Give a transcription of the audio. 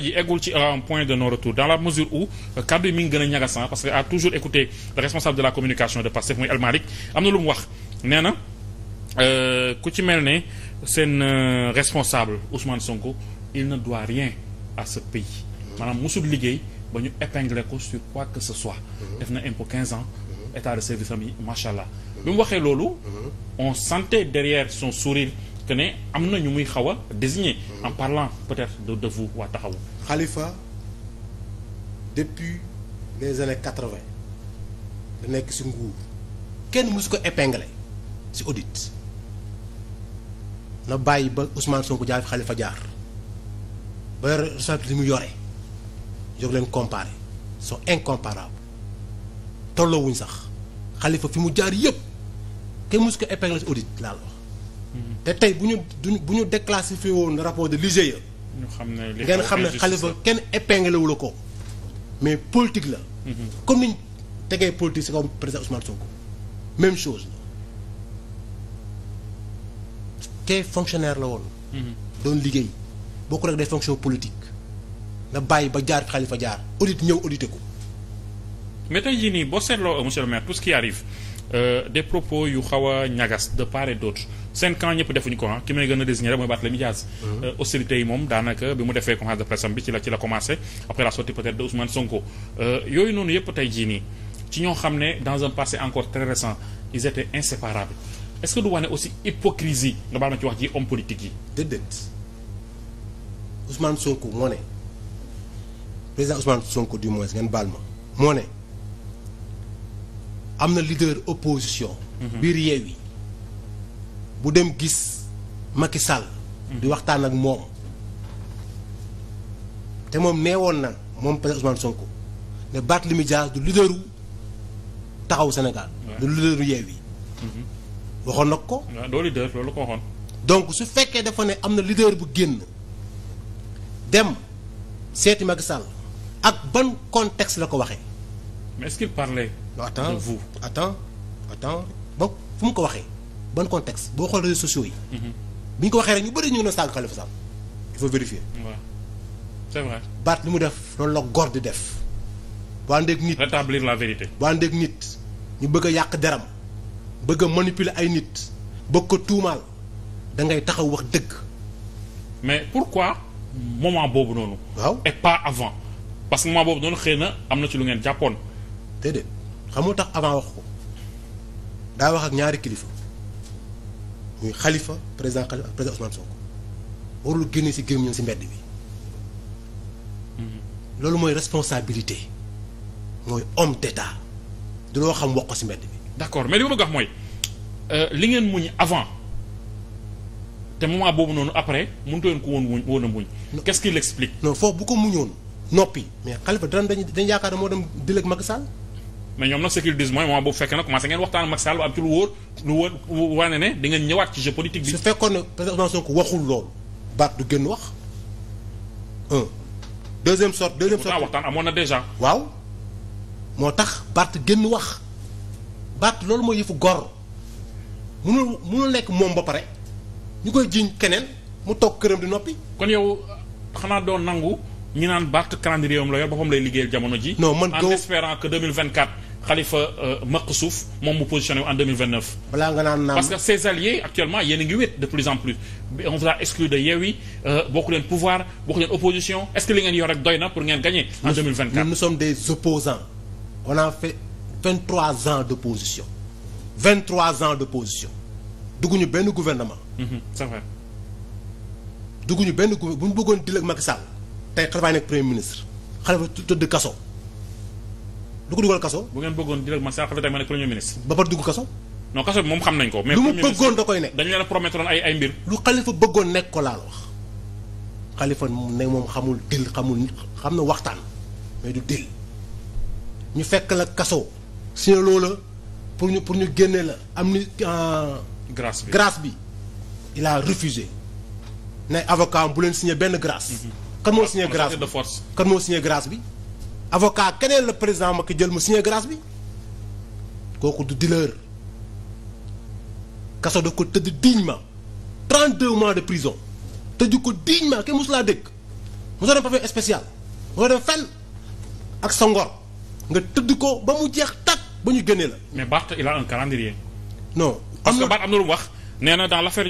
ji eggul ci un point de non retour dans la mesure où euh, kaddu yi mi ngi ñagasan parce que a toujours écouté le responsable de la communication de Pastef muy El am na lu mu wax nee euh, ku ci mel ne seen euh, responsable Ousmane Sonko il ne doit rien à ce pays maanaam musul liggéey ba ñu épingler ko sur quoi que ce soit def na impôt 15 ans état de service am yi macha allah bi mu waxee loolu mhm. on sentait derrière son sourire que am na ñu muy xaw a désigner mm. en parlant peut-être de de vous waa taxawu Khalifa depuis les quatre-vingt da nekk ci nguur kenn mësu ko épingler ci audit na bàyyi ba Ousmane Sonko jaar fi Khalifa jaar ba responsabilité li mu yore jóg leen comparer sont incomparables tolloowuñ sax xalifa fi mu jaar yépp kenn mësu ko épingler ci audit laal wax Mhm. te tey bu ñu duñu bu ñu déclassifié woon rapport de l'IGE ñu xam ne li ngeen xam ne Khalifa kenn épinglé wu la ko mais politique la. Mhm. comme niñ tegee politique si kaw président Ousmane Sonko même chose la. kee fonctionnaire la woon. Mhm. doon liggéey bokk rek des fonctions politiques na bàyyi ba jaar Khalifa jaar audit ñëw audité ko. mais tey jii nii boo seetloo monsieur le maire tout ce qui arrive euh, des propos yu xaw a ñagas de part et d'autre. seen camp ñëpp defuñu ko ah ki may gën a désigné rek mooy Barthélémy Dias hostilité euh, yi moom daanaka bi mu defee conférence de presse am bi ci la ci la commencé après la sortie peut de Ousmane Sonko euh, yooyu noonu yëpp tey jii nii ci ñoo xam ne dans un passé encore très récent ils étaient inséparables est-ce que du wane aussi hypocrisie nga baal ma ci wax ji homme politique yi déedéet Ousmane Sonko moo ne président Ousmane Sonko du moins ngeen baal ma moo ne am na leader opposition mhm. biir Yewwi bu dem gis Macky Sall. di waxtaan ak moom. te moom nee woon na moom peut-être Ousmane Sonko ne Barthélémy Dias du leaderu taxaw Sénégal. du leaderu Yewwi. Mhm. waxoon nag ko. waaw doo ko waxoon. donc su fekkee dafa ne am na leader bu génn dem seeti Macky Sall ak ban contexte la ko waxee. mais est-ce qu'il parlait. de vous attends attends attends ba fu mu ko waxee. ban contexte boo xool réseaux sociaux yi. bi ñu ko waxee rek ñu bëri ñu ngi doon saaga Khalifa Sall il faut vérifier. baat li mu def loolu la góor di def. bu àndeeg nit rétablir la vérité. bu àndeeg nit ñu bëgg a yàq deram bëgg a ay nit bëgg ko tuumaal da ngay taxaw wax dëgg. mais pourquoi moment boobu noonu. waaw et pas avant. parce que moment boobu noonu xëy na am na ci lu ngeen jàppoon. déedéet moo tax avant wax ko daa wax ak ñaari kilifa. muy xalifa président Khalifa ak président Ousmane warul génne si gémmiñam ci mbedd bi mhm. loolu mooy responsabilité mooy homme d'état du loo xam wax ko ci mbedd bi. d'accord mais li ma bëgg wax mooy euh, li ngeen muñ avant te moment boobu noonu après mënut leen ko woon wuñ woon a muñ. qu'est-ce qui l'explique. non foofu bu ko muñoon noppi mais Khalifa danañ dañ dañ yaakaar ne moo dem dil ak Macky mais ñoom nag ce qu'ils disent mooy moment boobu fekkee na commencé ngeen waxtaan ak Macky Sall am ci lu wóor lu wóor wane ne di ngeen ñëwaat ci jeu politique bi. su fekkoon ne président Ousmane Sonko waxul loolu baat du gën wax un deuxième sorte deuxième sorte waxtaan amoon na déjà. waaw moo tax baat gën wax baat loolu mooy yëfu gor munul munul nekk moom ba pare ñu koy jiiñ keneen mu toog këram di noppi. kon yow xanaa doon nangu. ñu naan Barth calendrier am la yor boppam lay liggéeyal jamono ji. non xalifa euh, maq suuf moom mu positionné wu en 2029. balaa nga naan naam parce que ses alliés actuellement yéen a ngi wét de plus en plus on vous a exclu de Yewwi euh, bokk leen pouvoir bokk leen opposition est-ce que li ngeen yor rek doy na pour ngeen gagner. en 2024 nous sommes des opposants on a fait ans d'opposition 23 ans d'opposition dugguñu benn gouvernement. Mhm, c'est vrai. dugguñu benn gouvernement bu ñu bëggoon dil ak Macky Sall tey Khalifa nekk premier ministre Khalifa tëdd kaso. du ko dugal kaso. bu ngeen bëggoon directement saa xafee tamit ma ne premier ministre. ba pare dugg kaso. non kaso bi moom xam nañ ko. mais lu mu bëggoon da koy nekk. dañu leen a promettre ay ay mbir. lu xalifa bëggoon nekk ko laa moom xamul dil xamul nit xam na waxtaan mais du dil ñu fekk la kaso. si loola pour ñu pour ñu génne la am ni. Euh, grâce bi grâce bi il a refusé. ne avocat bu leen signé benn grâce. Mhm. kan moo signé grâce bi de force kan moo signé grâce bi. avocat keneen la président Macky jël mu signé grâce bi kooku du dealer kaso da ko tëdd dignement 32 mois de prison tëju ko dignement kenn mosu mosulaa dégg mosoo dem pavillon spécial mosoo dem fenn ak sa ngor nga tëdd ko ba mu jeex tàkk ba ñu génnee la. mais Barth il a un calendrier. non am na am na lu wax nee na dans l'affaire